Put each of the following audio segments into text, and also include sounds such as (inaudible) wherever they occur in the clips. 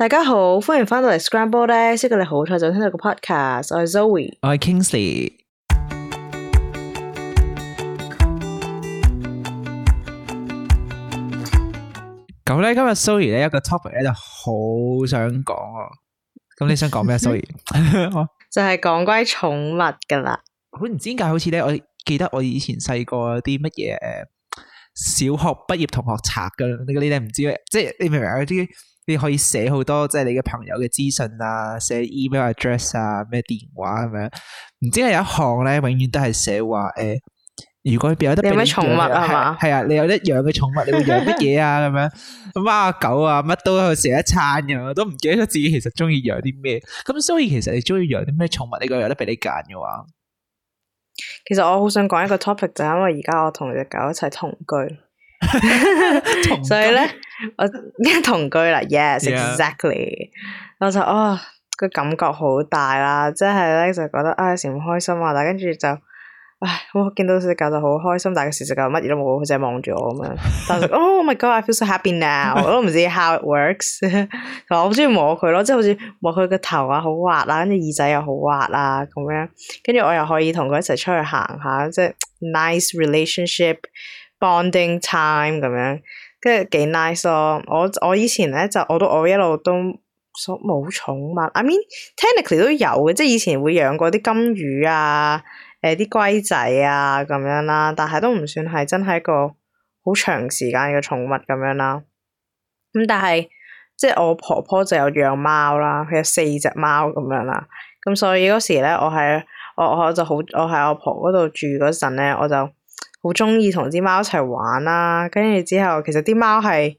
大家好，歡迎翻到嚟 Scrambled Eggs，識得你好彩就聽到個 podcast，我係 Zoe，我係 Kingsley。咁咧今日 Zoe 咧有一個 topic 咧就好想講哦，咁你想講咩啊？Zoe 就係講關於寵物噶啦，唔知點解好似咧，我記得我以前細個啲乜嘢小學畢業同學冊噶啦，呢啲咧唔知，即係你明唔明有啲你可以寫好多即係你嘅朋友嘅資訊啊，寫 email address 啊，咩電話咁、啊、樣。唔、嗯、知係有一項咧，永遠都係寫話誒，如果有你，你有得養咩寵物啊嘛？係啊說，你有得養嘅寵物，你會養乜嘢啊？咁、嗯、 (laughs) 樣，貓啊狗啊乜都喺度食一餐，我都唔記得自己其實中意養啲咩。咁所以其實你中意養啲咩寵物？你講有得俾你揀嘅話，其實我好想講一個 topic 就係因為而家我同你隻狗一齊同居。所以咧，我已經同居啦。Yes, exactly。Yeah. 我就哦，個感覺好大啦，即係咧就覺得啊，成、哎、時唔開心啊，但跟住就，唉，我見到隻狗就好開心，但係佢食隻狗乜嘢都冇，佢就係望住我咁樣。但係哦，我咪今、 (laughs) Oh my God、I feel so happy now， (laughs) 我都唔知 how it works (laughs) 我。我、就是、好中意摸佢咯，即係好似摸佢個頭啊，好滑啊，跟住耳仔又好滑啊，咁樣。跟住我又可以同佢一齊出去行下，即、就、係、是、nice relationship。bonding time 咁樣，跟住幾 nice 咯。我我以前咧就我都我一路都冇寵物。I mean, technically 都有嘅，即係以前會養過啲金魚啊，誒、欸、啲龜仔啊咁樣啦、啊。但係都唔算係真係一個好長時間嘅寵物咁樣啦、啊。咁、嗯、但係即係我婆婆就有養貓啦，佢有四隻貓咁樣啦、啊。咁所以嗰時咧，我喺我我就好，我喺我婆婆嗰度住嗰陣咧，我就。好中意同啲貓一齊玩啦，跟住之後其實啲貓係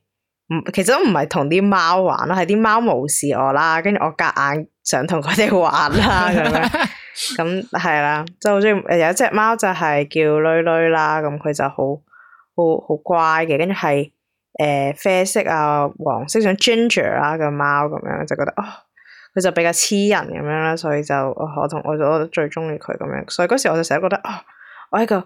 唔，其實都唔係同啲貓玩啦，係啲貓無視我啦，跟住我夾硬，硬想同佢哋玩啦咁 (laughs) 樣，咁係啦，即係好中意。有一隻貓就係叫囡囡啦，咁佢就好好好乖嘅，跟住係誒啡色啊黃色想 ginger 啦嘅貓咁樣，就覺得哦，佢就比較黐人咁樣啦，所以就我同我我，我最中意佢咁樣，所以嗰時我就成日覺得哦，我一個。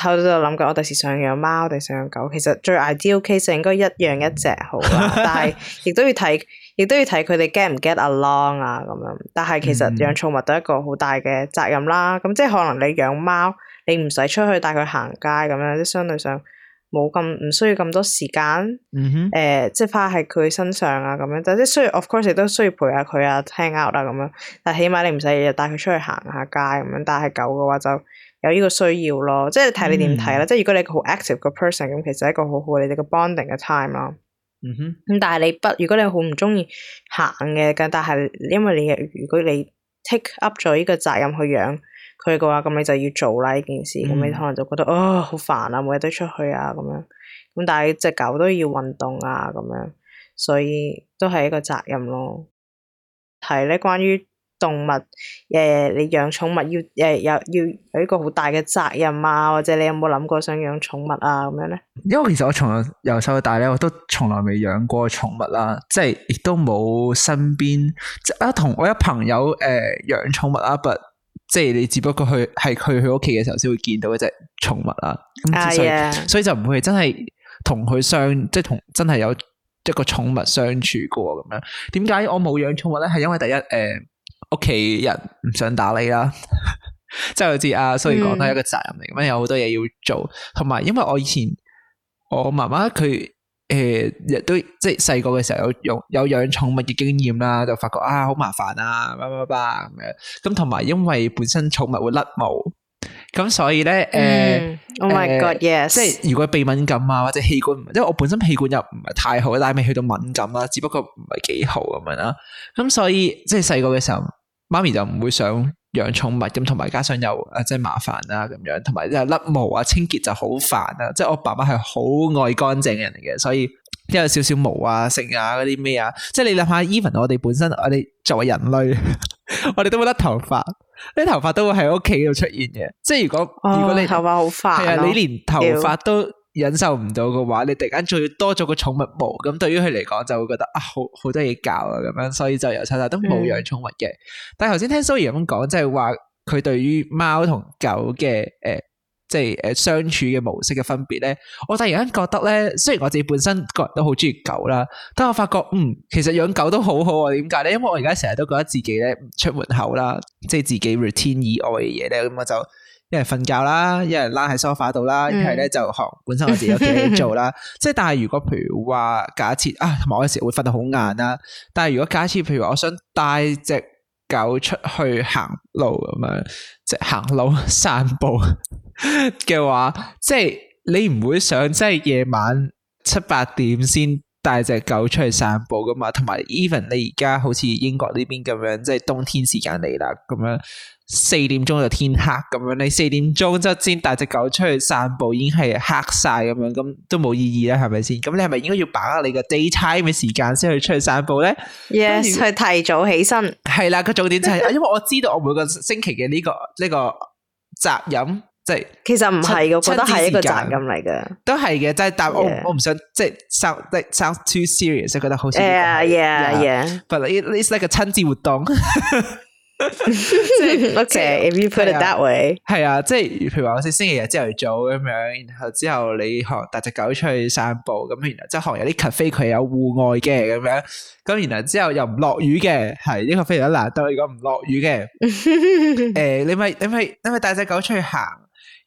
後就諗緊，我第時想養貓，定想養狗？其實最 ideal case 應該一樣一隻好啦， (laughs) 但係亦都要睇，亦都要睇佢哋 get 唔 get along 啊咁樣。但係其實養寵物都係一個好大嘅責任啦。咁、嗯、即係可能你養貓，你唔使出去帶佢行街咁樣，即相對上。冇咁唔需要咁多時間，誒、mm hmm. 呃，即係花喺佢身上啊咁樣，但即係雖然 of course 亦都需要陪下佢啊、hang out 啦咁樣，但係起碼你唔使日日帶佢出去行下街咁樣，但係狗嘅話就有呢個需要咯，即係睇你點睇啦。Mm hmm. 即係如果你好 active 嘅 person，咁其實係一個好好你哋嘅 bonding 嘅 time 啦、mm。嗯哼。咁但係你不如果你好唔中意行嘅，但係因為你如果你 take up 咗呢個責任去養。佢嘅話，咁你就要做啦呢件事，咁你可能就覺得哦，好煩啊，每日都出去啊咁樣，咁但係隻狗都要運動啊咁樣，所以都係一個責任咯。係咧，關於動物，誒、欸，你養寵物要誒、欸、有要有一個好大嘅責任啊，或者你有冇諗過想養寵物啊咁樣咧？因為其實我從來由細到大咧，我都從來未養過寵物啦、啊，即係亦都冇身邊，即係啊同我一朋友誒養寵物啊，but。即係你只不過去係去佢屋企嘅時候先會見到嘅啫，寵、嗯、物啊，咁所以所以就唔會真係同佢相，即係同真係有一個寵物相處過咁樣。點解我冇養寵物咧？係因為第一，誒、呃，屋企人唔想打理啦， (laughs) 即係好似阿 Zoe 講得一個責任嚟，咁樣、嗯、有好多嘢要做，同埋因為我以前我媽媽佢。誒，亦都即係細個嘅時候有養有養寵物嘅經驗啦，就發覺啊好麻煩啊，乜乜乜咁樣。咁同埋因為本身寵物會甩毛，咁所以咧，誒，Oh my God，Yes，即係如果鼻敏感啊或者氣管，因為我本身氣管又唔係太好，但係未去到敏感啦，只不過唔係幾好咁樣啦。咁所以即係細個嘅時候，媽咪就唔會想。養寵物咁，同埋加上又誒，即係麻煩啦，咁樣，同埋又甩毛啊，清潔就好煩啊。即係我爸爸係好愛乾淨嘅人嘅，所以一有少少毛啊、剩啊嗰啲咩啊，即係你諗下，even 我哋本身我哋作為人類， (laughs) 我哋都，都會甩頭髮，啲頭髮都會喺屋企度出現嘅。即係如果如果你頭髮好煩，係啊，你連頭髮都忍受唔到嘅話，你突然間仲要多咗個寵物毛，咁對於佢嚟講就會覺得啊，好好多嘢教啊，咁樣，所以就由細到大都冇養寵物嘅。嗯、但係頭先聽 Zoe 咁講，即係話佢對於貓同狗嘅誒，即係誒相處嘅模式嘅分別咧，我突然間覺得咧，雖然我自己本身個人都好中意狗啦，但係我發覺嗯，其實養狗都好好啊，點解咧？因為我而家成日都覺得自己咧出門口啦，即係自己 routine 以外嘅嘢咧，咁我就。一係瞓覺啦，一係拉喺梳化度啦，一係咧就學本身我哋有嘢做啦。即係但係如果譬如話假設啊，同埋我有時會瞓得好晏啦。但係如果假設譬如話我想帶隻狗出去行路咁樣，即係行路散步嘅 (laughs) 話，即係你唔會想即係夜晚七八點先帶隻狗出去散步噶嘛？同埋 even 你而家好似英國呢邊咁樣，即係冬天時間嚟啦咁樣。四點鐘就天黑咁樣，你四點鐘之後先帶隻狗出去散步，已經係黑晒咁樣，咁都冇意義啦，係咪先？咁你係咪應該要把握你個 daytime 嘅時間先去出去散步咧？Yes，時去提早起身，係啦佢重點就係、是， (laughs) 因為我知道我每個星期嘅呢、這個呢、這個責任，即、就、係、是、其實唔係嘅，我覺得係一個責任嚟嘅，都係嘅，但係但我唔 Yeah. 想即係、就是、sound，sound、like, too serious 覺得好似。Uh, y yeah, yeah. e、like、a h yeah b u t it 個親子活動。 (laughs) 即係，OK，If you put it that way，係啊，即係、啊、譬如話我先星期日朝頭早咁樣，然後之後你行帶隻狗出去散步咁，然後即係行有啲 cafe，佢有戶外嘅咁樣，咁然後之後又唔落雨嘅，係呢、這個非常之難得，如果唔落雨嘅，誒、 (laughs) 欸，你咪你咪你咪帶隻狗出去行，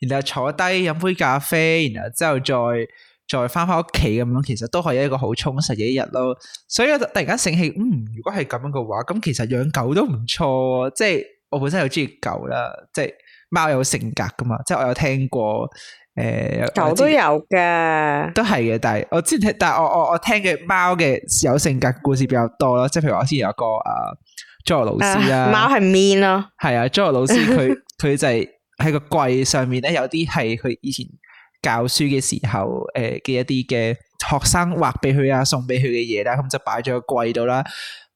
然後坐低飲杯咖啡，然後之後再。再翻翻屋企咁樣，其實都可以一個好充實嘅一日咯。所以我突然間醒起，嗯，如果係咁樣嘅話，咁其實養狗都唔錯。即係我本身好中意狗啦，即係貓有性格噶嘛。即係我有聽過，誒，狗都有嘅，都係嘅。但係我之前但係我我我聽嘅貓嘅有性格故事比較多咯。即係譬如我之前有個啊 Jo 老師啦，貓係 mean 咯，係啊 Jo 老師佢佢就係喺個櫃上面咧有啲係佢以前。教書嘅時候，誒、呃、嘅一啲嘅學生畫俾佢啊，送俾佢嘅嘢啦，咁就擺咗喺櫃度啦。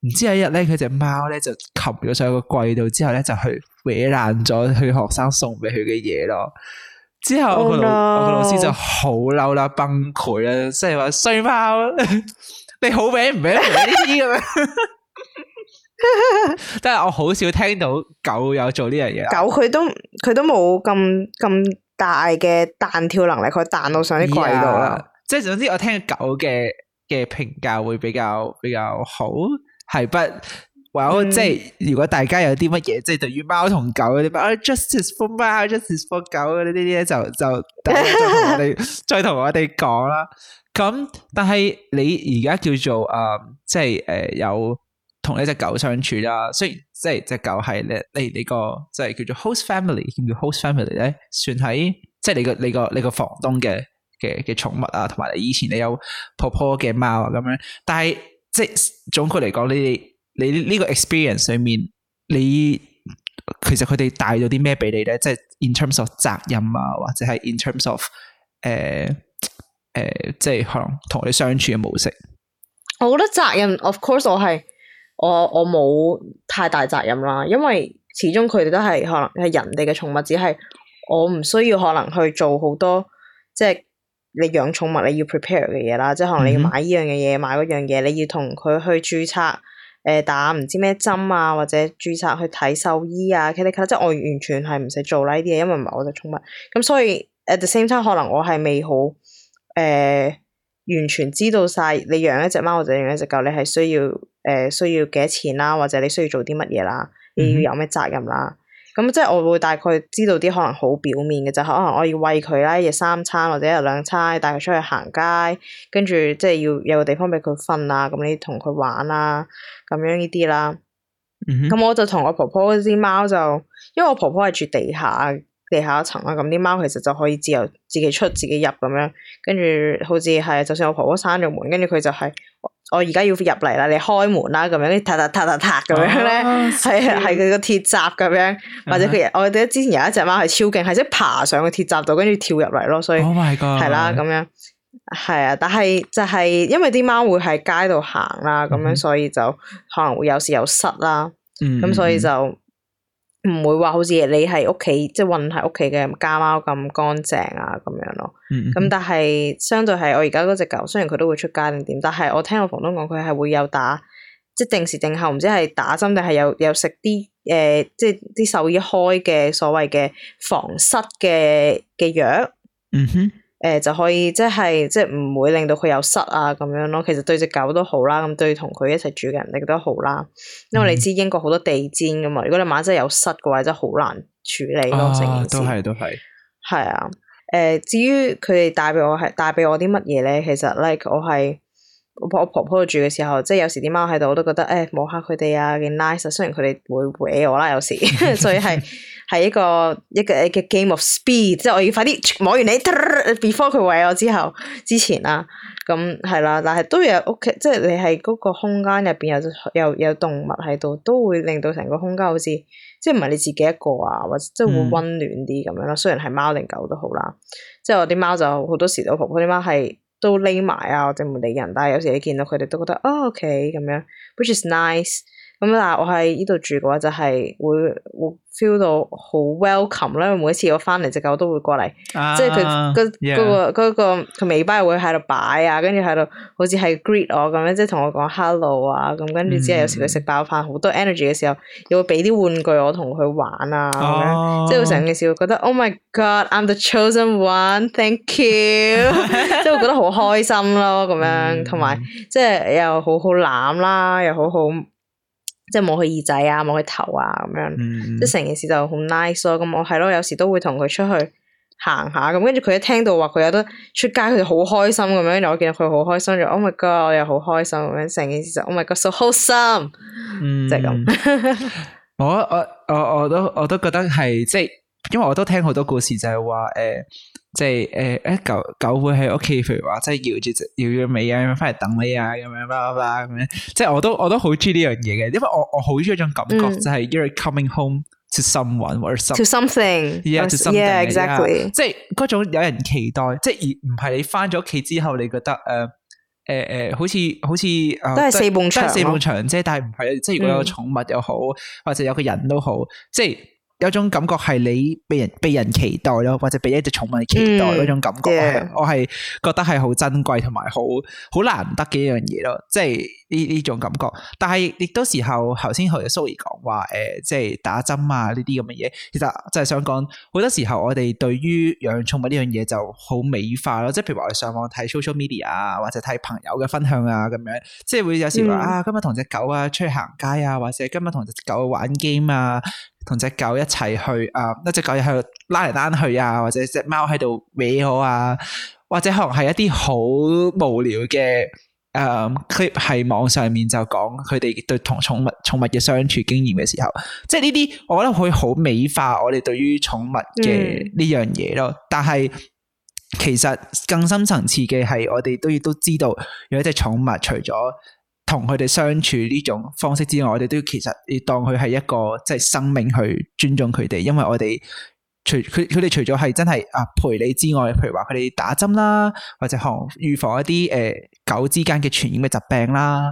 唔知有一日咧，佢隻貓咧就擒咗上個櫃度之後咧，就去搲爛咗佢學生送俾佢嘅嘢咯。之後我個老、oh、no. 老師就好嬲啦，崩潰啦，即係話衰貓，貓 (laughs) 你好搲唔搲呢啲咁樣？真係我好少聽到狗有做呢樣嘢，狗佢都佢都冇咁咁。大嘅彈跳能力，佢彈到上啲櫃度啦。即係總之，我聽狗嘅嘅評價會比較比較好，係不？即係，如果大家有啲乜嘢，即係對於貓同狗嗰啲，我 justice for 貓，justice for 狗嗰啲呢啲咧，就就再同我哋再同我哋講啦。咁，但係你而家叫做誒，即係誒有。同呢隻狗相處啦、啊，雖然即係隻狗係你你你個即係、就是、叫做 host family，叫唔叫 host family 咧？算喺即係你，你個你個你個房東嘅嘅嘅寵物啊，同埋你以前你有婆婆嘅貓啊咁樣。但係即係總括嚟講，你你呢個 experience 上面，你其實佢哋帶咗啲咩俾你咧？即係 in terms of 責任啊，或者係 in terms of 誒、呃、誒、呃，即係可能同同你相處嘅模式。我覺得責任，of course，我係。我我冇太大責任啦，因為始終佢哋都係可能係人哋嘅寵物，只係我唔需要可能去做好多即係你養寵物你要 prepare 嘅嘢啦，即係可能你要買呢樣嘅嘢、嗯、哼買嗰樣嘢，你要同佢去註冊，誒、呃、打唔知咩針啊或者註冊去睇獸醫啊，其他即係我完全係唔使做呢啲嘢，因為唔係我隻寵物，咁所以 at the same time 可能我係未好誒、呃完全知道晒，你養一隻貓或者養一隻狗，你係需要誒、呃、需要幾多錢啦，或者你需要做啲乜嘢啦，你要有咩責任啦。咁即係我會大概知道啲可能好表面嘅就可能我要餵佢啦，一日三餐或者一日兩餐，帶佢出去行街，跟住即係要有個地方俾佢瞓啊，咁你同佢玩啊，咁樣呢啲啦。咁、mm hmm. 我就同我婆婆嗰啲貓就，因為我婆婆係住地下。地下一層啦，咁啲貓其實就可以自由自己出自己入咁樣，跟住好似係，就算我婆婆閂咗門，跟住佢就係、是、我而家要入嚟啦，你開門啦咁樣，跟住嗒嗒嗒嗒嗒咁樣咧，係啊，係佢 (laughs) 個鐵閘咁樣，的或者佢我哋之前有一隻貓係超勁，係即爬上個鐵閘度，跟住跳入嚟咯，所以係啦咁樣，係啊，但係就係因為啲貓會喺街度行啦，咁樣、嗯、所以就可能會有時有失啦，咁、嗯、所以就。唔會話好似你係屋企即係韞喺屋企嘅家貓咁乾淨啊咁樣咯，咁、mm hmm. 但係相對係我而家嗰隻狗，雖然佢都會出街定點，但係我聽我房東講，佢係會有打即係定時定候，唔知係打針定係有有食啲誒，即係啲獸醫開嘅所謂嘅防蝨嘅嘅藥。嗯哼、mm。Hmm. 誒、呃，就可以即係即係唔會令到佢有失啊咁樣咯。其實對隻狗都好啦，咁對同佢一齊住嘅人亦都好啦。因為你知英國好多地氈噶嘛，如果你萬一真係有失嘅話，真係好難處理咯。成件事都係都係係啊。誒、啊呃，至於佢哋帶俾我係帶俾我啲乜嘢咧？其實 like 我係我，我婆婆婆住嘅時候，即係有時啲貓喺度，我都覺得誒摸、欸、下佢哋啊，幾 nice。雖然佢哋會搲我啦，有時所以係。 (laughs) (laughs) 係一個一個嘅 game of speed，即係我要快啲摸完你，before 佢餵我之後之前啦，咁係啦。但係都有屋企，即係你係嗰個空間入邊有有有動物喺度，都會令到成個空間好似，即係唔係你自己一個啊，或者即係會温暖啲咁樣咯。嗯、雖然係貓定狗都好啦，即係我啲貓就好多時我，婆婆啲貓係都匿埋啊，或者唔理人，但係有時你見到佢哋都覺得哦、oh, OK 咁樣，which is nice。咁但係我喺呢度住嘅話就，就係會會 feel 到好 welcome 啦。每一次我翻嚟，隻狗都會過嚟，即係佢嗰個個佢尾巴會喺度擺啊，跟住喺度好似係 greet 我咁樣，即係同我講 hello 啊。咁跟住之後，有時佢食飽飯好多 energy 嘅時候，又會畀啲玩具我同佢玩啊。咁、oh. 樣即係成件事會覺得 oh my god，I'm the chosen one，thank you，即係會覺得好開心咯。咁樣同埋、mm hmm. 即係又好好攬啦，又好好。即係摸佢耳仔啊，摸佢頭啊，咁樣，即係成件事就好 nice 咯、啊。咁我係咯，有時都會同佢出去行下。咁跟住佢一聽到話佢有得出街，佢就好開心咁樣。然後我見到佢好開心，就 Oh my God！我又好開心咁樣，成件事就 Oh my God！so 開心，mm hmm. 就係咁 (laughs) 。我我我我都我都覺得係即係，因為我都聽好多故事就，就係話誒。即係誒，一、呃、狗狗會喺屋企，譬如話即係搖住隻搖住尾啊，咁樣翻嚟等你啊，咁樣啦啦啦咁樣。即係我都我都好中意呢樣嘢嘅，因為我我好中意一種感覺、就是，就係、嗯、you're coming home to someone or some, to something，yeah，to something，exactly。即係嗰種有人期待，即係而唔係你翻咗屋企之後，你覺得誒誒誒，好似好似、呃、都係四埲牆，四埲牆啫。但係唔係，即係如果有寵物又好，嗯、或者有個人都好，即係。即有種感覺係你被人被人期待咯，或者俾一隻寵物期待嗰、嗯、種感覺我，Yeah. 我係覺得係好珍貴同埋好好難得嘅一樣嘢咯。即係呢呢種感覺。但係亦都時候，頭先去阿蘇兒講話，誒、呃，即係打針啊呢啲咁嘅嘢。其實就係想講，好多時候我哋對於養寵物呢樣嘢就好美化咯。即係譬如話我哋上網睇 social media 啊，或者睇朋友嘅分享啊，咁樣，即係會有時話、嗯、啊，今日同隻狗啊出去行街啊，或者今日同隻狗玩 game 啊。同隻狗一齊去啊、呃！一隻狗又喺度拉嚟拉去啊，或者隻貓喺度搲好啊，或者可能係一啲好無聊嘅誒、呃、clip，喺網上面就講佢哋對同寵物、寵物嘅相處經驗嘅時候，即係呢啲，我覺得會好美化我哋對於寵物嘅呢、嗯、樣嘢咯。但係其實更深層次嘅係，我哋都要都知道，有一隻寵物除咗。.同佢哋相處呢種方式之外，我哋都其實要當佢係一個即係生命去尊重佢哋，因為我哋除佢佢哋除咗係真係啊陪你之外，譬如話佢哋打針啦，或者防預防一啲誒、呃、狗之間嘅傳染嘅疾病啦，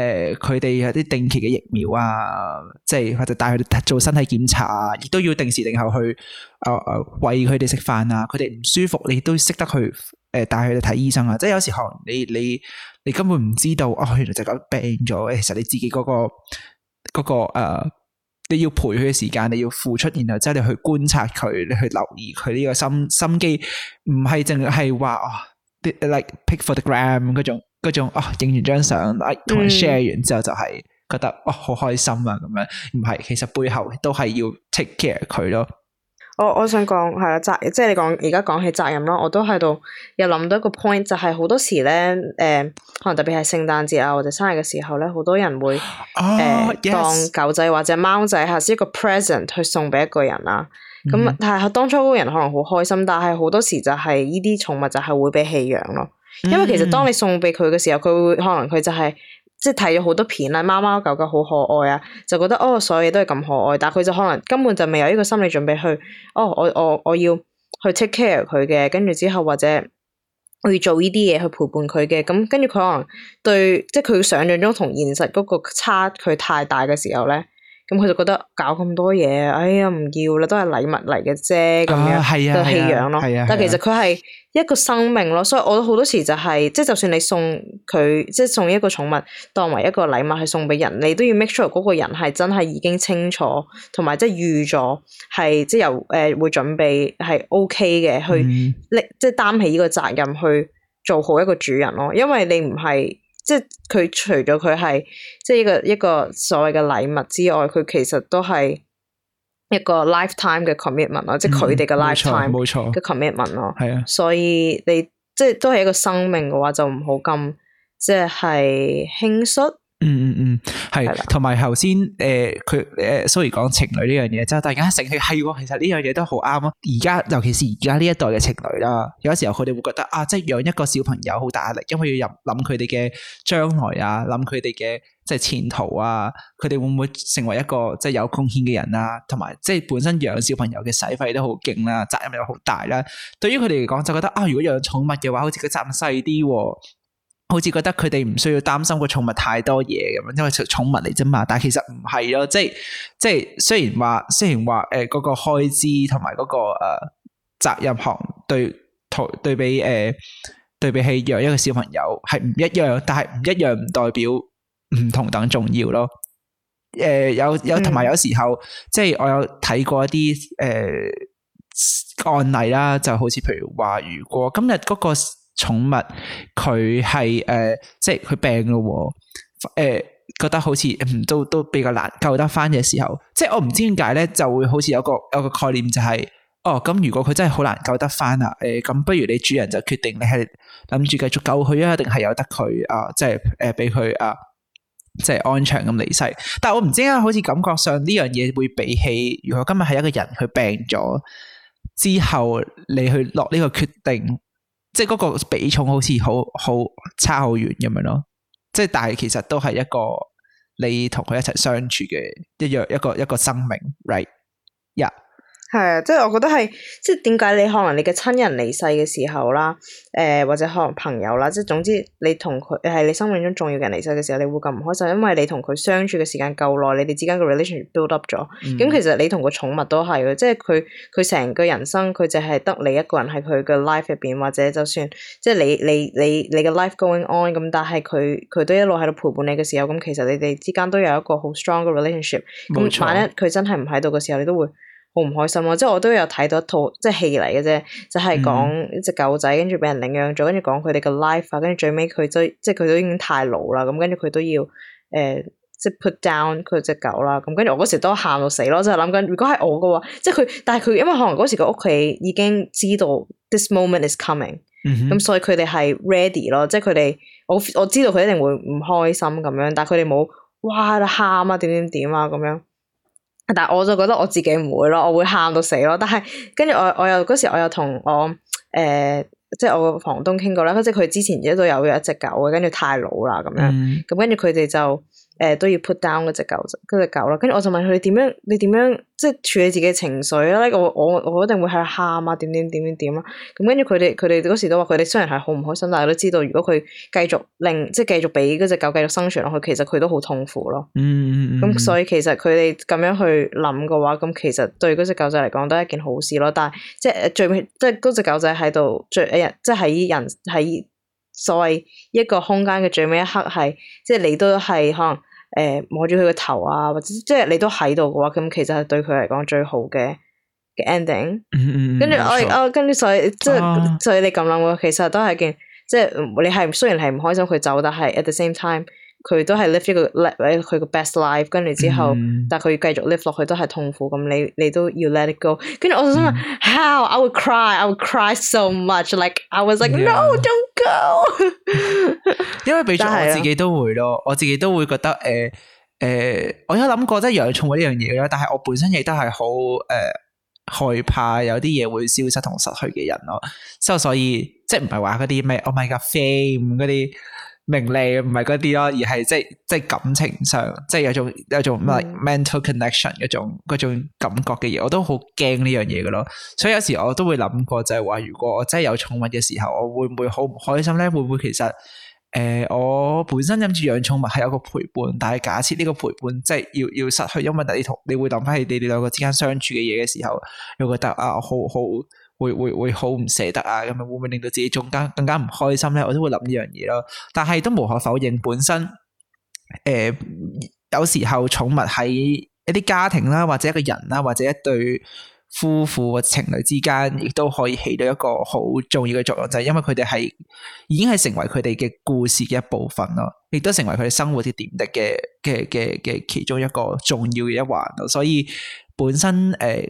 誒佢哋有啲定期嘅疫苗啊，即係或者帶佢哋做身體檢查啊，亦都要定時定候去啊餵佢哋食飯啊，佢哋唔舒服你都識得去誒帶佢哋睇醫生啊，即係有時候可能你你。你你根本唔知道，哦，原來就咁病咗。其實你自己嗰、嗰個、嗰個誒、呃，你要陪佢嘅時間，你要付出，然後即係你去觀察佢，你去留意佢呢個心心機，唔係淨係話哦，like pick for the gram 嗰種嗰種，哦，影完張相，同人 share 完之後就係覺得哦好開心啊咁樣，唔係，其實背後都係要 take care 佢咯。我我想講係啊責，即係你講而家講起責任咯，我都喺度又諗到一個 point，就係、是、好多時咧，誒、呃，可能特別係聖誕節啊或者生日嘅時候咧，好多人會誒當狗仔或者貓仔吓，係一個 present 去送俾一個人啦。咁但係當初嗰個人可能好開心，但係好多時就係呢啲寵物就係會被棄養咯，因為其實當你送俾佢嘅時候，佢會可能佢就係、是。即係睇咗好多片啦，貓貓狗狗好可愛啊，就覺得哦，所有嘢都係咁可愛。但係佢就可能根本就未有呢個心理準備去，哦，我我我要去 take care 佢嘅，跟住之後或者我要做呢啲嘢去陪伴佢嘅。咁跟住佢可能對，即係佢想象中同現實嗰個差距太大嘅時候咧。咁佢就覺得搞咁多嘢，哎呀唔要啦，都係禮物嚟嘅啫，咁樣就棄養咯。但其實佢係一個生命咯，所以我覺得好多時就係，即係就算你送佢，即係送一個寵物當為一個禮物去送俾人，你都要 make sure 嗰個人係真係已經清楚，同埋即係預咗係即係有誒會準備係 OK 嘅去搦即係擔起呢個責任去做好一個主人咯，因為你唔係。即係佢除咗佢係即係一個一個所謂嘅禮物之外，佢其實都係一個 lifetime 嘅 commitment 咯，嗯，即係佢哋嘅 lifetime，冇錯，嘅 commitment 咯。係啊，ment, 的所以你即係都係一個生命嘅話，就唔好咁即係輕率。嗯嗯嗯，係，同埋頭先誒，佢誒 sorry 講情侶呢樣嘢，即係大家醒起係，其實呢樣嘢都好啱啊。而家尤其是而家呢一代嘅情侶啦，有時候佢哋會覺得啊，即係養一個小朋友好大壓力，因為要入諗佢哋嘅將來啊，諗佢哋嘅即係前途啊，佢哋會唔會成為一個即係有貢獻嘅人啊？同埋即係本身養小朋友嘅使費都好勁啦，責任又好大啦。對於佢哋嚟講，就覺得啊，如果養寵物嘅話，好似佢責任細啲。好似覺得佢哋唔需要擔心個寵物太多嘢咁樣，因為寵寵物嚟啫嘛。但係其實唔係咯，即係即係雖然話，雖然話誒嗰個開支同埋嗰個誒、啊、責任行對台對，對比誒、呃、對比起養一個小朋友係唔一樣，但係唔一樣唔代表唔同等重要咯。誒、呃、有有同埋有，有時候即係我有睇過一啲誒、呃、案例啦，就好似譬如話如果今日嗰、個。寵物佢係誒，即係佢病咯，誒、呃、覺得好似都都比較難救得翻嘅時候，即係我唔知點解咧，就會好似有個有個概念就係，是，哦咁如果佢真係好難救得翻啦，誒、呃、咁不如你主人就決定你係諗住繼續救佢啊，定係有得佢啊，即係誒俾佢啊，即係安詳咁離世。但係我唔知啊，好似感覺上呢樣嘢會比起，如果今日係一個人佢病咗之後，你去落呢個決定。即係嗰個比重好似好好差好遠咁樣咯，即係但係其實都係一個你同佢一齊相處嘅一樣一個一個，一個生命，right？y、yeah. 係啊，即係我覺得係，即係點解你可能你嘅親人離世嘅時候啦，誒、呃、或者可能朋友啦，即係總之你同佢係你生命中重要嘅人離世嘅時候，你會咁唔開心，因為你同佢相處嘅時間夠耐，你哋之間嘅 relationship build up 咗。咁、嗯、其實你同個寵物都係嘅，即係佢佢成個人生佢就係得你一個人喺佢嘅 life 入邊，或者就算即係你你你你嘅 life going on 咁，但係佢佢都一路喺度陪伴你嘅時候，咁其實你哋之間都有一個好 strong 嘅 relationship。冇錯。咁萬一佢真係唔喺度嘅時候，你都會。好唔開心咯，即係我都有睇到一套即係戲嚟嘅啫，就係、是、講一隻狗仔跟住俾人領養咗，跟住講佢哋個 life 啊，跟住最尾佢都即係佢都已經太老啦，咁跟住佢都要誒、呃、即係 put down 佢隻狗啦，咁跟住我嗰時都喊到死咯，即係諗緊如果係我嘅話，即係佢，但係佢因為可能嗰時個屋企已經知道 this moment is coming，咁、mm hmm. 所以佢哋係 ready 咯，即係佢哋我我知道佢一定會唔開心咁、啊樣，樣，樣，啊、樣，但係佢哋冇哇，你喊啊點點點啊咁樣。但係我就覺得我自己唔會咯，我會喊到死咯。但係跟住我我又嗰時我又同我誒，即係我個房東傾過啦。即係佢之前一度有養一隻狗嘅，跟住太老啦咁、嗯、樣，咁跟住佢哋就。誒、呃，都要 put down 嗰隻狗，嗰隻狗啦。跟住我就問佢：你點樣？你點樣？即係處理自己情緒咧、like，？我我我一定會喺度喊啊！點點點點點啊！咁跟住佢哋，佢哋嗰時都話：佢哋雖然係好唔開心，但係都知道如果佢繼續令即係繼續畀嗰隻狗繼續生存落去，其實佢都好痛苦咯。咁、mm hmm. 嗯、所以其實佢哋咁樣去諗嘅話，咁其實對嗰隻狗仔嚟講都係一件好事咯。但係即係最尾，即係嗰隻狗仔喺度最誒，即係喺人喺。所謂一個空間嘅最尾一刻係，即係你都係可能誒、呃、摸住佢個頭啊，或者即係你都喺度嘅話，咁其實係對佢嚟講最好嘅嘅 ending。跟住我我跟住所以即係、啊、所以你咁諗咯，其實都係件即係你係雖然係唔開心佢走，但係 at the same time。佢都係 live 呢個 let 佢個 best life，跟住之後，但係佢要繼續 live 落去都係痛苦。咁你你都要 let it go。跟住我就心諗，how I would cry, I would cry so much, like I was like no, don't go。因為畀咗我自己都會咯，我自己都會覺得誒誒，我有諗過即係養寵物呢樣嘢啦。但係我本身亦都係好誒害怕有啲嘢會消失同失去嘅人咯。之後所以即係唔係話嗰啲咩 oh my god fame 嗰啲。名利唔係嗰啲咯，而係即係即係感情上，即係有種有種咩、like、mental connection 嗰種、嗯、種感覺嘅嘢，我都好驚呢樣嘢噶咯。所以有時我都會諗過，就係話如果我真係有寵物嘅時候，我會唔會好唔開心咧？會唔會其實誒、呃，我本身諗住養寵物係有個陪伴，但係假設呢個陪伴即係要要失去，因為你同你會諗翻起你哋兩個之間相處嘅嘢嘅時候，你會覺得啊好好。好會會會好唔捨得啊，咁樣會唔會令到自己仲加更加唔開心咧？我都會諗呢樣嘢咯。但係都無可否認，本身誒、呃，有時候寵物喺一啲家庭啦、啊，或者一個人啦、啊，或者一對夫婦或情侶之間，亦都可以起到一個好重要嘅作用，就係、是、因為佢哋係已經係成為佢哋嘅故事嘅一部分咯，亦都成為佢哋生活啲點滴嘅嘅嘅嘅其中一個重要嘅一環。所以本身誒。呃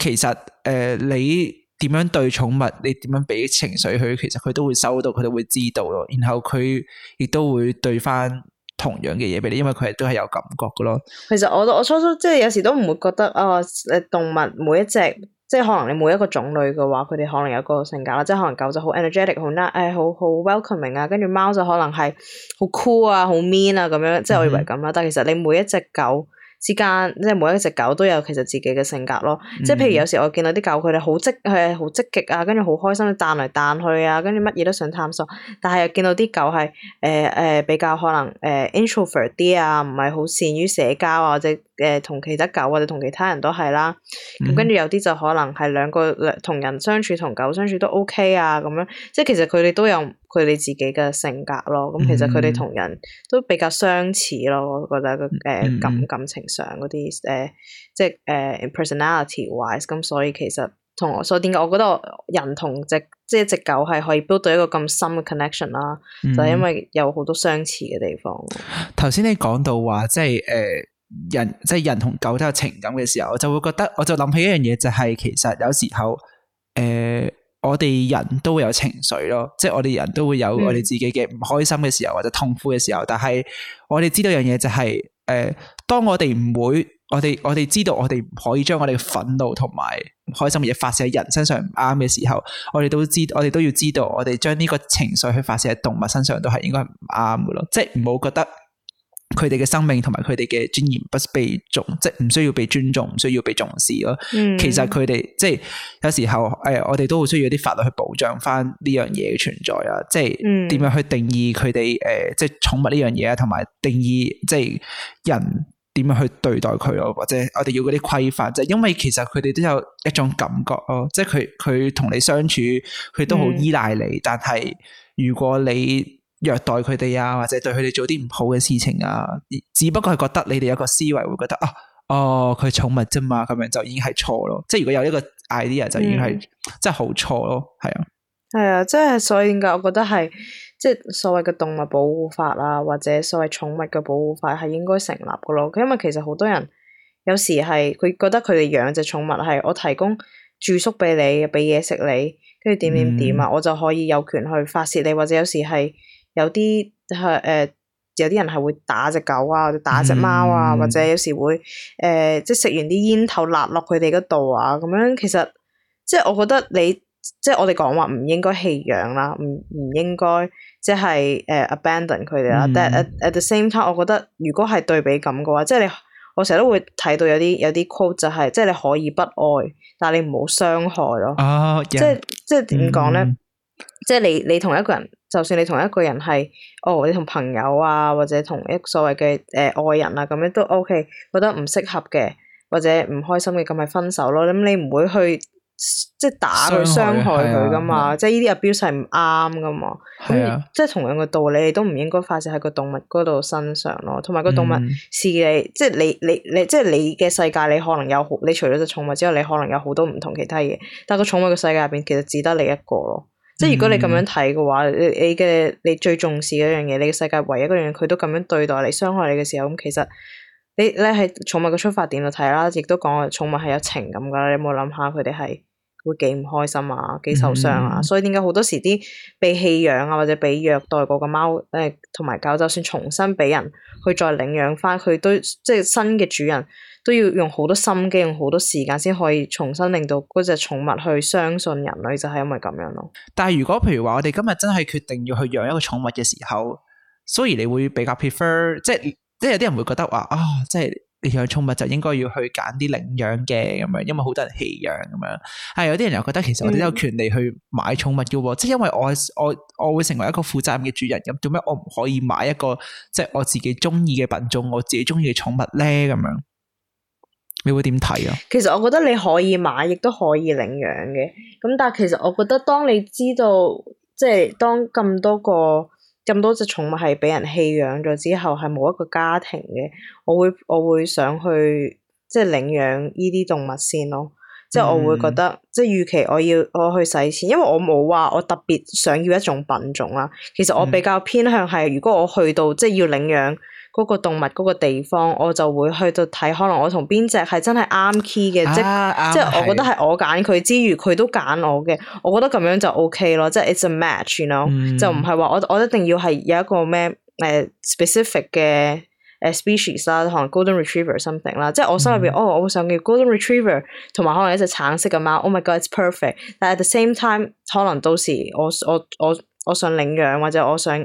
其實誒、呃，你點樣對寵物，你點樣俾情緒佢，其實佢都會收到，佢都會知道咯。然後佢亦都會對翻同樣嘅嘢俾你，因為佢係都係有感覺噶咯。其實我我初初即係有時都唔會覺得啊，誒、呃，動物每一隻即係可能你每一個種類嘅話，佢哋可能有個性格啦，即係可能狗就好 energetic，好 nice，好好 welcoming 啊。跟住貓就可能係好 cool 啊，好 mean 啊咁樣，即係我以為咁啦。嗯、但係其實你每一隻狗。之間，即係每一隻狗都有其實自己嘅性格咯。即係譬如有時我見到啲狗佢哋好積，係好積極啊，跟住好開心嘅彈嚟彈去啊，跟住乜嘢都想探索。但係又見到啲狗係誒誒比較可能誒、呃、introvert 啲啊，唔係好善於社交啊或者。誒同其他狗或者同其他人都係啦，咁跟住有啲就可能係兩個同人相處同狗相處都 OK 啊，咁樣即係其實佢哋都有佢哋自己嘅性格咯。咁、mm hmm. 其實佢哋同人都比較相似咯，我覺得誒感感情上嗰啲誒即係誒、uh, personality wise，咁、嗯、所以其實同我所以點解我覺得人同隻即係、就是、隻狗係可以 build 到一個咁深嘅 connection 啦，mm hmm. 就係因為有好多相似嘅地方。頭先你講到話即係誒。呃人即係人同狗都有情感嘅時候，我就會覺得，我就諗起一樣嘢，就是，就係其實有時候，誒、呃，我哋人都會有情緒咯，即係我哋人都會有我哋自己嘅唔開心嘅時候或者痛苦嘅時候，但係我哋知道一樣嘢就係、是，誒、呃，當我哋唔會，我哋我哋知道我哋唔可以將我哋憤怒同埋唔開心嘅嘢發洩喺人身上唔啱嘅時候，我哋都知，我哋都要知道，我哋將呢個情緒去發洩喺動物身上都係應該唔啱嘅咯，即係唔好覺得。佢哋嘅生命同埋佢哋嘅尊嚴不被重，即係唔需要被尊重，唔需要被重視咯。嗯、其實佢哋即係有時候，誒、哎，我哋都好需要啲法律去保障翻呢樣嘢嘅存在啊！即係點樣去定義佢哋誒，即係寵物呢樣嘢啊，同埋定義即係人點樣去對待佢咯，或者我哋要嗰啲規範，即係因為其實佢哋都有一種感覺咯，即係佢佢同你相處，佢都好依賴你，嗯、但係如果你。虐待佢哋啊，或者對佢哋做啲唔好嘅事情啊，只不過係覺得你哋有個思維會覺得啊，哦，佢寵物啫嘛，咁樣就已經係錯咯。即係如果有呢個 idea 就已經係、嗯、真係好錯咯，係啊，係啊，即係所以點解我覺得係即係所謂嘅動物保護法啊，或者所謂寵物嘅保護法係應該成立㗎咯。因為其實好多人有時係佢覺得佢哋養隻寵物係我提供住宿俾你，俾嘢食你，跟住點點點啊，嗯、我就可以有權去發洩你，或者有時係。有啲係誒，有啲人係會打隻狗啊，或者打隻貓啊，嗯、或者有時會誒、呃，即係食完啲煙頭辣落佢哋嗰度啊，咁樣其實即係我覺得你即係我哋講話唔應該棄養啦，唔唔應該即係誒、呃、abandon 佢哋啦。嗯、但係 at at，the same time，我覺得如果係對比咁嘅話，即係我成日都會睇到有啲有啲 quote 就係、是，即係你可以不愛，但係你唔好傷害咯。哦嗯、即係即係點講咧？嗯即係你你同一個人，就算你同一個人係，哦，你同朋友啊，或者同一所謂嘅誒愛人啊咁樣都 O、OK, K，覺得唔適合嘅或者唔開心嘅咁咪分手咯。咁你唔會去即係打佢傷害佢噶嘛？啊、即係呢啲嘅 abuse 係唔啱噶嘛？咁、啊、即係同樣嘅道理，你都唔應該發泄喺個動物嗰度身上咯。同埋個動物是誒，嗯、即係你你你,你，即係你嘅世界，你可能有，好，你除咗隻寵物之外，你可能有好多唔同其他嘢。但係個寵物嘅世界入邊，其實只得你一個咯。嗯、即係如果你咁樣睇嘅話，你嘅你最重視一樣嘢，你嘅世界唯一嗰樣嘢佢都咁樣對待你，傷害你嘅時候，咁其實你你喺寵物嘅出發點度睇啦，亦都講啊，寵物係有情感噶，你有冇諗下佢哋係會幾唔開心啊，幾受傷啊？嗯、所以點解好多時啲被棄養啊或者被虐待過嘅貓誒同埋狗，就算重新俾人去再領養翻，佢都即係新嘅主人。都要用好多心機，用好多時間先可以重新令到嗰隻寵物去相信人類，就係因為咁樣咯。但係如果譬如話我哋今日真係決定要去養一個寵物嘅時候，所以你會比較 prefer，即係即係有啲人會覺得話啊、哦，即係你養寵物就應該要去揀啲領養嘅咁樣，因為好多人棄養咁樣。係有啲人又覺得其實我哋都有權利去買寵物嘅喎，嗯、即係因為我我我會成為一個負責任嘅主人，咁做咩我唔可以買一個即係我自己中意嘅品種，我自己中意嘅寵物咧咁樣？你會點睇啊？其實我覺得你可以買，亦都可以領養嘅。咁但係其實我覺得當你知道，即係當咁多個咁多隻寵物係俾人棄養咗之後，係冇一個家庭嘅，我會我會想去即係領養呢啲動物先咯。即係我會覺得，嗯、即係預期我要我去使錢，因為我冇話我特別想要一種品種啦。其實我比較偏向係，嗯、如果我去到即係要領養。嗰個動物嗰個地方，我就會去到睇，可能我同邊隻係真係啱 key 嘅，啊、即、嗯、即我覺得係我揀佢之餘，佢都揀我嘅，我覺得咁樣就 OK 咯，即係 it's a match，you know?、嗯、就唔係話我我一定要係有一個咩誒 specific 嘅 species 啦，可能 golden retriever something 啦，即係我心入邊，嗯、哦，我會想要 golden retriever，同埋可能一隻橙色嘅貓，oh my god，it's perfect，但係 at the same time，可能到時我我我我想領養或者我想。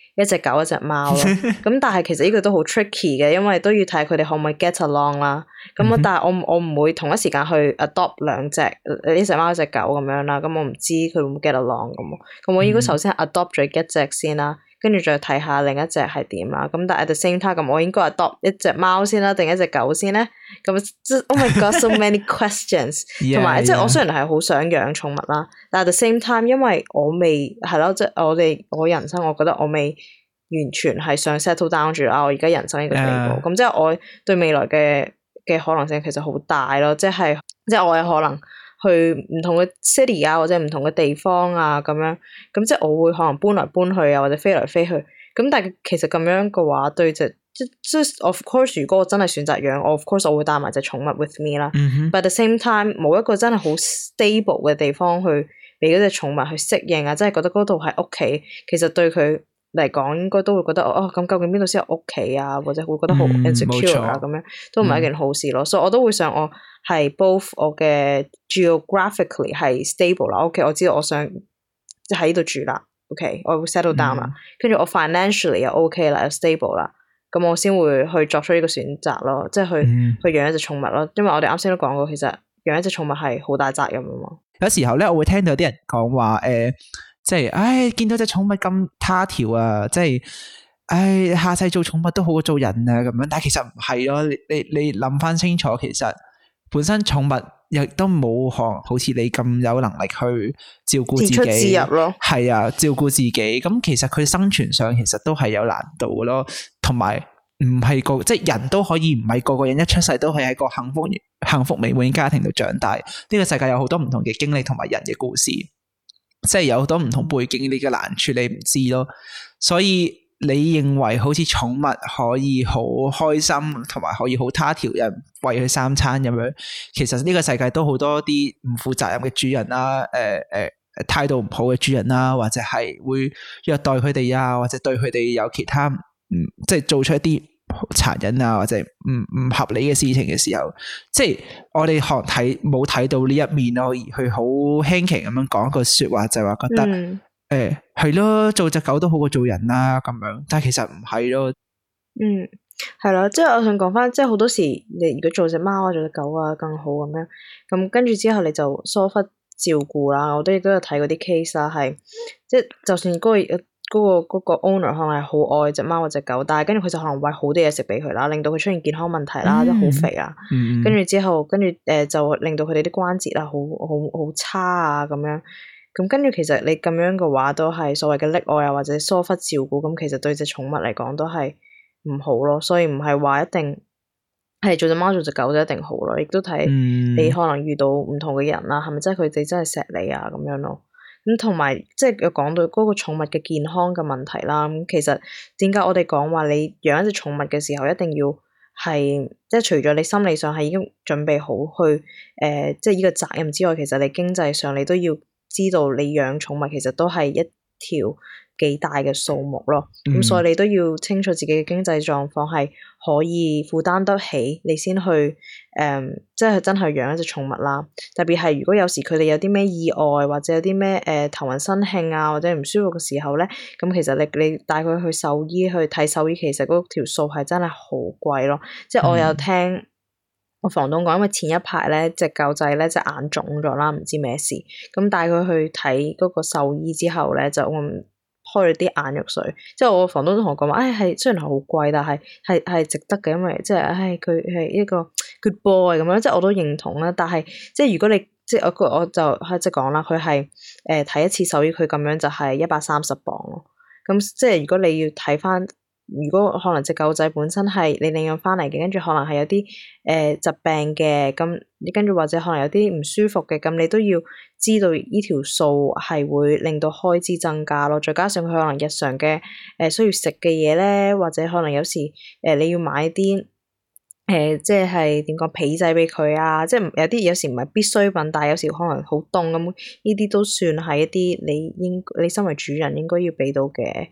一隻狗一隻貓咯，咁 (laughs) 但係其實呢個都好 tricky 嘅，因為都要睇佢哋可唔可以 get along 啦、啊。咁但係我 (laughs) 我唔會同一時間去 adopt 兩隻一隻貓一隻狗咁樣啦。咁我唔知佢會唔會 get along 咁、啊，咁我應該首先 adopt 咗一隻先啦、啊。 (laughs) 跟住再睇下另一隻係點啦，咁但係 at the same time 咁，我應該係 adopt 一隻貓先啦、啊，定一隻狗先咧？咁即係 oh my god (laughs) so many questions，同埋即係我雖然係好想養寵物啦，但係 at the same time 因為我未係咯，即係我哋我人生，我覺得我未完全係想 settle down 住啦。我而家人生呢個地步，咁 Yeah. 即係我對未來嘅嘅可能性其實好大咯，即係即係我有可能。去唔同嘅 city 啊，或者唔同嘅地方啊，咁樣咁即係我會可能搬來搬去啊，或者飛來飛去。咁但係其實咁樣嘅話，對隻即係 of course 如果我真係選擇養，我 of course 我會帶埋隻寵物 with me 啦。Mm hmm. But at the same time 冇一個真係好 stable 嘅地方去俾嗰隻寵物去適應啊，真係覺得嗰度係屋企，其實對佢嚟講，應該都會覺得哦，咁究竟邊度先係屋企啊？或者會覺得好 insecure 啊、嗯？咁樣都唔係一件好事咯。嗯、所以我都會想我係 both 我嘅 geographically 係 stable 啦。O K，我知道我想即係喺呢度住啦。O、okay, K，我會 settle down 啦。跟住、嗯、我 financially 又 O K 啦，又 stable 啦。咁我先會去作出呢個選擇咯，即係去、嗯、去養一隻寵物咯。因為我哋啱先都講過，其實養一隻寵物係好大責任㗎嘛。有時候咧，我會聽到啲人講話誒。呃即係，唉、哎，見到隻寵物咁他條啊，即係，唉、哎，下世做寵物都好過做人啊，咁樣。但係其實唔係咯，你你你諗翻清楚，其實本身寵物亦都冇可能好似你咁有能力去照顧自己咯。係啊，照顧自己。咁其實佢生存上其實都係有難度咯。同埋唔係個即係人都可以唔係個個人一出世都係喺個幸福幸福美滿嘅家庭度長大。呢、這個世界有好多唔同嘅經歷同埋人嘅故事。即係有好多唔同背景，你嘅難處你唔知咯。所以你認為好似寵物可以好開心，同埋可以好他條人喂佢三餐咁樣，其實呢個世界都好多啲唔負責任嘅主人啦，誒誒態度唔好嘅主人啦，或者係會虐待佢哋啊，或者對佢哋有其他，嗯，即係做出一啲。殘忍啊，或者唔唔合理嘅事情嘅時候，即係我哋學睇冇睇到呢一面咯，而去好輕奇咁樣講個說一句話就話、是、覺得誒係、嗯欸、咯，做隻狗都好過做人啦、啊、咁樣，但係其實唔係咯嗯，嗯係咯，即係我想講翻，即係好多時你如果做隻貓啊，做隻狗啊更好咁樣，咁跟住之後你就疏忽照顧啦，我都亦都有睇嗰啲 case 啦，係即係就算嗰、嗰個。嗰個嗰個 owner 可能係好愛隻貓或隻狗，但係跟住佢就可能餵好多嘢食俾佢啦，令到佢出現健康問題啦，都好、嗯、肥啊。嗯、跟住之後，跟住誒就令到佢哋啲關節啊，好好好差啊咁樣。咁跟住其實你咁樣嘅話，都係所謂嘅溺愛又或者疏忽照顧，咁其實對隻寵物嚟講都係唔好咯。所以唔係話一定係做隻貓做隻狗就一定好咯，亦都睇你可能遇到唔同嘅人啦，係咪、嗯、真係佢哋真係錫你啊咁樣咯。咁同埋即係又講到嗰個寵物嘅健康嘅問題啦，咁其實點解我哋講話你養一隻寵物嘅時候一定要係即係除咗你心理上係已經準備好去誒，呃，即係呢個責任之外，其實你經濟上你都要知道你養寵物其實都係一條。幾大嘅數目咯，咁、嗯、所以你都要清楚自己嘅經濟狀況係可以負擔得起，你先去，誒、嗯，即係真係養一隻寵物啦。特別係如果有時佢哋有啲咩意外，或者有啲咩誒頭暈身慶啊，或者唔舒服嘅時候咧，咁其實你你帶佢去獸醫去睇獸醫，其實嗰條數係真係好貴咯。即係我有聽、嗯、我房東講，因為前一排咧隻狗仔咧隻眼腫咗啦，唔知咩事，咁帶佢去睇嗰個獸醫之後咧就我。開咗啲眼藥水，即係我房東都同我講話，唉、哎、係，雖然係好貴，但係係係值得嘅，因為即係唉佢係一個 good boy 咁樣，即係我都認同啦。但係即係如果你即係我個我就即係講啦，佢係誒睇一次獸醫，佢咁樣就係一百三十磅咯。咁即係如果你要睇返。如果可能隻狗仔本身係你領養翻嚟嘅，跟住可能係有啲誒、呃、疾病嘅，咁跟住或者可能有啲唔舒服嘅，咁你都要知道呢條數係會令到開支增加咯。再加上佢可能日常嘅誒、呃、需要食嘅嘢咧，或者可能有時誒、呃、你要買啲。誒、呃，即係點講，被仔俾佢啊！即係有啲有時唔係必需品，但係有時可能好凍咁，呢啲都算係一啲你應你身為主人應該要俾到嘅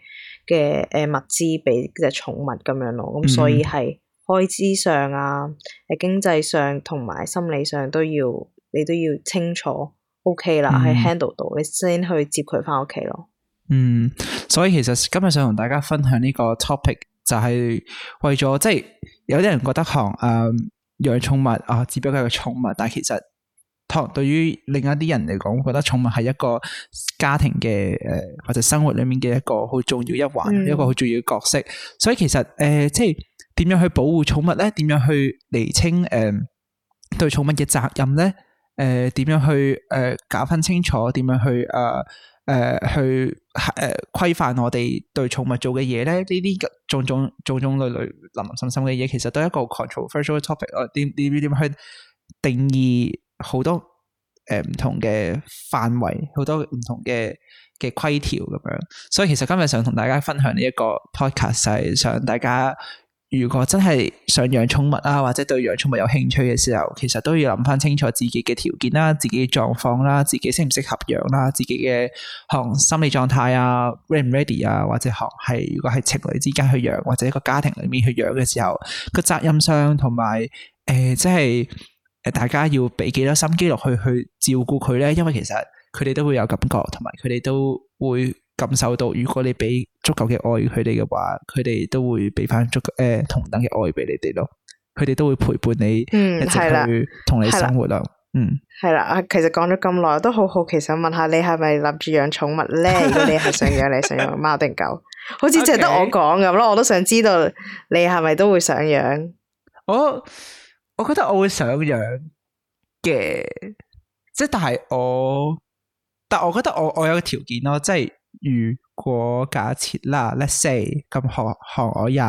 嘅誒物資俾隻寵物咁樣咯。咁所以係開支上啊，誒、嗯、經濟上同埋心理上都要你都要清楚，OK 啦，係、嗯、handle 到你先去接佢翻屋企咯。嗯，所以其實今日想同大家分享呢個 topic 就係為咗即係。有啲人覺得養誒養寵物啊，只不過係個寵物，但係其實，托對於另一啲人嚟講，我覺得寵物係一個家庭嘅誒、呃、或者生活裏面嘅一個好重要一環，嗯、一個好重要嘅角色。所以其實誒、呃，即係點樣去保護寵物咧？點樣去厘清誒、呃、對寵物嘅責任咧？誒、呃，點樣去誒搞、呃、分清楚？點樣去誒？呃誒、呃、去誒、呃、規範我哋對寵物做嘅嘢咧，呢啲種種種種類類林林深深嘅嘢，其實都係一個 controversial topic，點點點點去定義好多誒唔、呃、同嘅範圍，好多唔同嘅嘅規條咁樣。所以其實今日想同大家分享呢一個 podcast，係想大家。如果真係想養寵物啊，或者對養寵物有興趣嘅時候，其實都要諗翻清楚自己嘅條件啦、自己嘅狀況啦、自己適唔適合養啦、自己嘅行心理狀態啊、ready 唔 ready 啊，或者行係如果係情侶之間去養，或者一個家庭裏面去養嘅時候，那個責任上同埋誒，即係誒、呃，大家要俾幾多心機落去去照顧佢咧，因為其實佢哋都會有感覺，同埋佢哋都會。感受到，如果你俾足夠嘅愛佢哋嘅話，佢哋都會俾翻足夠、欸、同等嘅愛俾你哋咯。佢哋都會陪伴你，嗯、啦一直去同你生活咯。啦嗯，係啦。其實講咗咁耐，我都好好奇，想問，問下你養寵，係咪諗住養寵物咧？如果你係想養，你想養貓定狗？ (laughs) 好似淨係得我講咁咯，Okay. 我都想知道你係咪都會想養？我，我覺得我會想養嘅，即係 Yeah. 但係我，但我覺得我我有個條件咯，即係。如果假設啦，let's say 咁學學我廿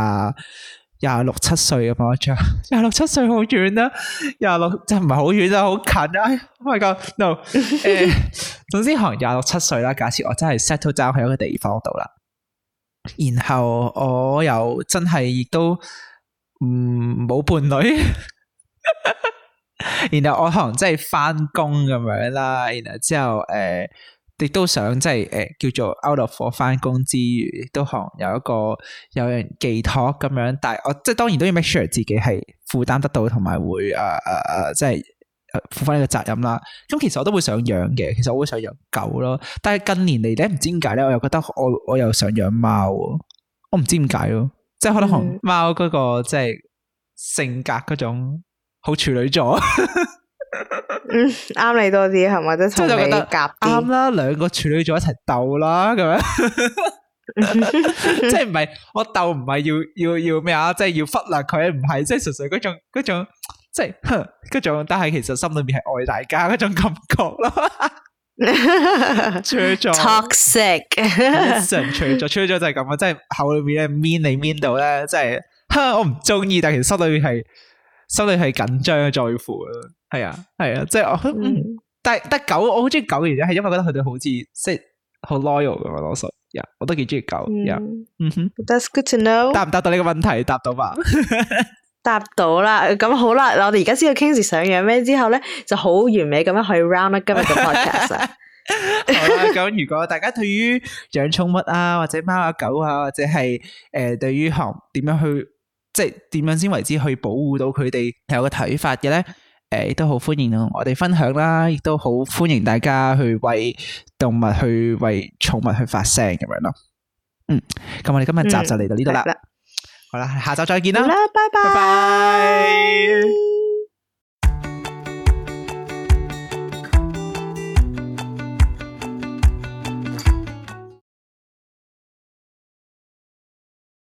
廿六七歲咁，我着廿六七歲好遠啦，廿六即係唔係好遠啊，好、啊、近啊，my god，no， (laughs) 呃、總之可能廿六七歲啦。假設我真係 settle down 喺一個地方度啦，然後我又真係亦都唔冇、嗯、伴侶， (laughs) 然後我可能真係返工咁樣啦，然後之後誒。呃亦都想即係誒，叫做 out of work 翻工之餘，亦都可能有一個有人寄託咁樣。但係我即係當然都要 make sure 自己係負擔得到，同埋會誒誒誒，即係負翻呢個責任啦。咁其實我都會想養嘅，其實我會想養狗咯。但係近年嚟咧，唔知點解咧，我又覺得我我又想養貓，喔，我唔知點解咯。即係可能同貓嗰個、嗯、即係性格嗰種好處女座。 (laughs) 嗯，啱你多啲係咪？即係同你夾啱啦，兩個處女座一齊鬥啦，咁樣即係唔係我鬥唔係要要要咩啊？即係要忽略佢，唔係即係純粹嗰種嗰種即係嗰種，種種但係其實心裏面係愛大家嗰種感覺咯、喔。處女座 toxic，純處女座處女座就係咁啊，即係口裏面咧 mean 你 mean 到咧，即係，哼，我唔中意，但係其實心裏面係。心裏係緊張啊，在乎咯，係啊，係啊，即係我，但係但係狗，我好中意狗嘅原因係因為覺得佢哋好似即係好 loyal 咁樣咯，所以，我都幾中意狗。嗯哼，That's good to know。答唔答到你個問題？答到吧。答到啦，咁好啦，我哋而家知道 Kings 想養咩之後咧，就好完美咁樣去 round 今日嘅 podcast。好啦，咁如果大家對於養寵物啊，或者貓啊狗啊，或者係誒，對於學點樣去。即係點樣先為之去保護到佢哋有個睇法嘅咧？誒，亦都好歡迎咯，我哋分享啦，亦都好歡迎大家去為動物、去為寵物去發聲咁樣咯。嗯，咁我哋今日集就嚟到呢度啦。好啦，下集再見啦，拜拜。